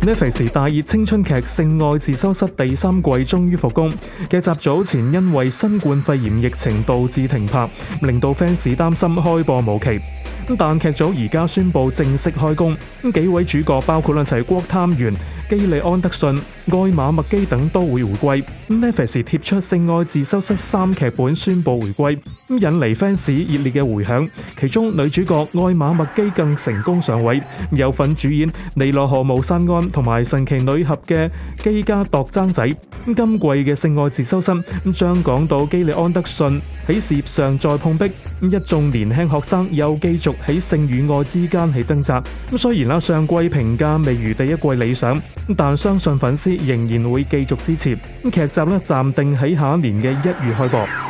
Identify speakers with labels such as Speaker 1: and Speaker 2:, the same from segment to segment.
Speaker 1: Netflix 大熱青春劇《性愛自修室》第三季終於復工。劇集早前因為新冠肺炎疫情導致停拍，令到 fans 擔心開播無期。但劇組而家宣布正式開工。咁幾位主角包括兩齊國探員基利安德遜、愛馬麥基等都會回歸。Netflix 貼出《性愛自修室》三劇本宣布回歸，引嚟 fans 熱烈嘅回響。其中女主角愛馬麥基更成功上位，有份主演尼羅河謀殺案。同埋神奇女俠嘅基家度爭仔，今季嘅性愛自修生咁將講到基里安德遜喺事業上再碰壁，一眾年輕學生又繼續喺性與愛之間起掙扎，咁雖然啦，上季評價未如第一季理想，但相信粉絲仍然會繼續支持，咁劇集呢暫定喺下一年嘅一月開播。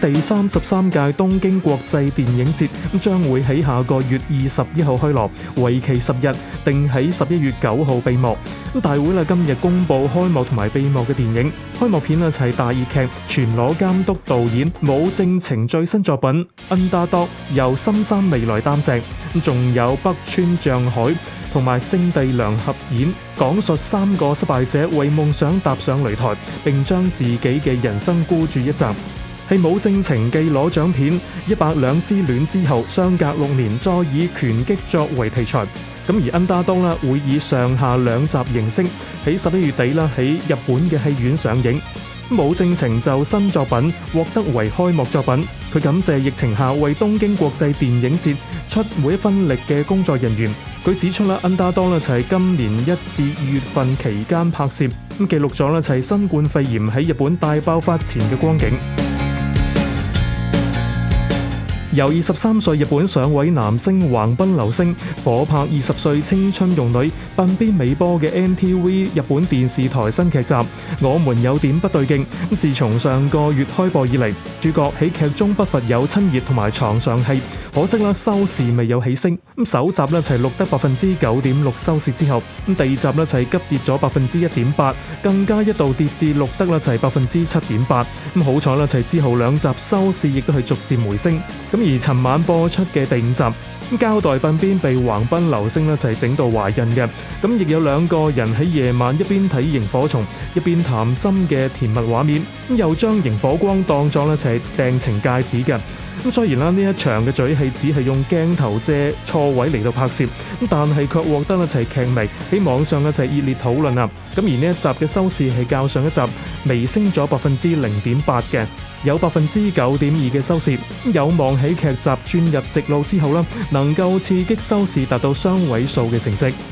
Speaker 1: 第三十三屆東京國際電影節，咁將會喺下個月二十一號開鑼，為期十日，定喺十一月九號閉幕。咁大會啦，今日公布開幕同埋閉幕嘅電影，開幕片呢就係、是、大熱劇，全裸監督導演武正晴最新作品《恩達多》，由森山未來擔正，仲有北村匠海同埋勝地涼合演，講述三個失敗者為夢想踏上擂台，並將自己嘅人生孤注一擲。係《武正晴嘅》攞獎片，《一百兩之戀》之後，相隔六年再以拳擊作為題材。咁而《恩達多》啦，會以上下兩集形式喺十一月底啦喺日本嘅戲院上映。《武正晴》就新作品獲得為開幕作品。佢感謝疫情下為東京國際電影節出每一分力嘅工作人員。佢指出啦，《恩達多》咧就係今年一至二月份期間拍攝咁記錄咗咧就係新冠肺炎喺日本大爆發前嘅光景。由二十三歲日本上位男星橫濱流星夥拍二十歲青春玉女濱邊美波嘅 NTV 日本電視台新劇集《我們有點不對勁》自從上個月開播以嚟，主角喺劇中不乏有親熱同埋床上戲，可惜啦收視未有起升。咁首集咧就係錄得百分之九點六收視之後，咁第二集咧就急跌咗百分之一點八，更加一度跌至錄得啦就係百分之七點八。咁好彩啦，就係之後兩集收視亦都係逐漸回升咁。而尋晚播出嘅第五集，咁交代鬢邊被橫濱流星呢就係整到懷孕嘅，咁亦有兩個人喺夜晚一邊睇螢火蟲一邊談心嘅甜蜜畫面，咁又將螢火光當作一齊訂情戒指嘅。咁雖然啦呢一場嘅嘴戲只係用鏡頭遮錯位嚟到拍攝，咁但係卻獲得一齊劇迷喺網上一齊熱烈討論啊。咁而呢一集嘅收視係較上一集。微升咗百分之零點八嘅，有百分之九點二嘅收視，有望喺劇集轉入直路之後呢，能夠刺激收視達到雙位數嘅成績。